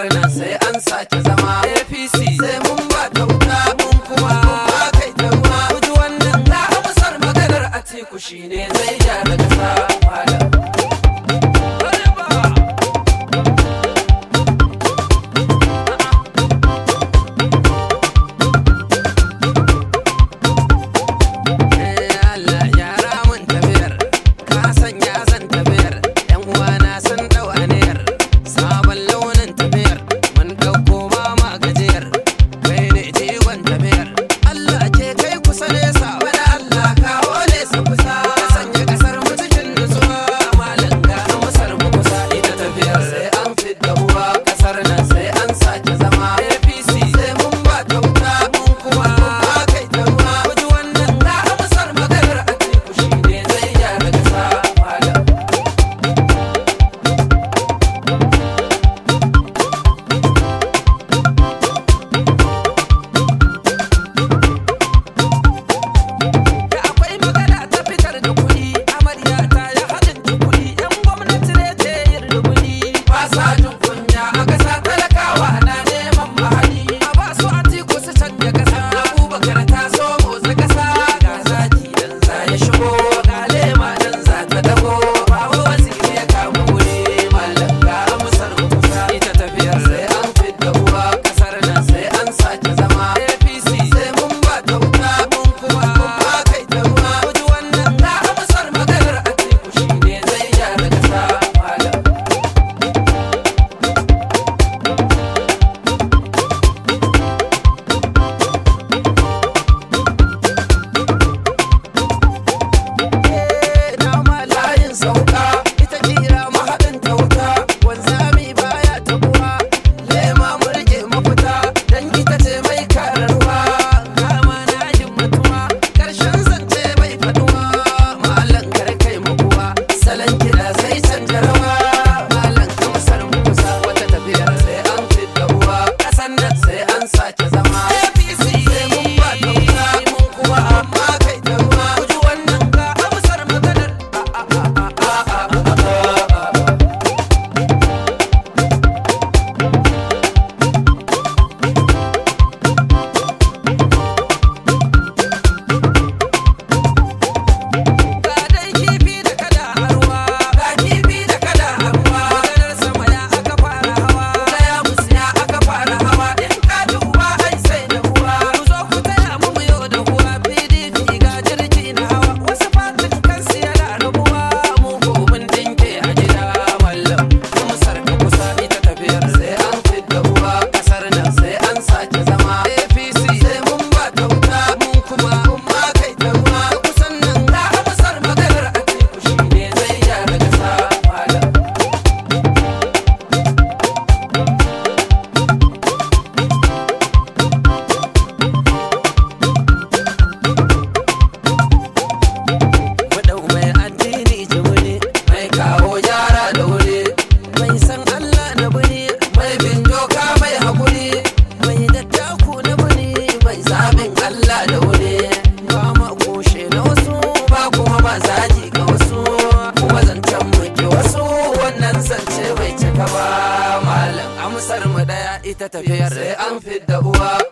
murna sai an sake zama matsala da wuri ba na wasu ba kuma ba zagi ga wasu kuma zancen muke wasu wannan zance bai cika ba malam amsar mu daya ita tafiyar sai an fidda uwa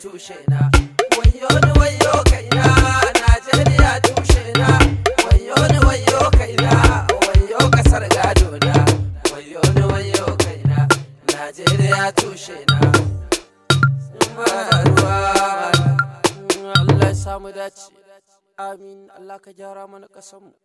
tushe na wayo ni wayo kaina Najeriya tushe na wayo ni wayo kaina wayo kasar gado na wayo ni wayo kaina Najeriya tushe na Allah ya samu dace amin Allah ka jara mana kasanmu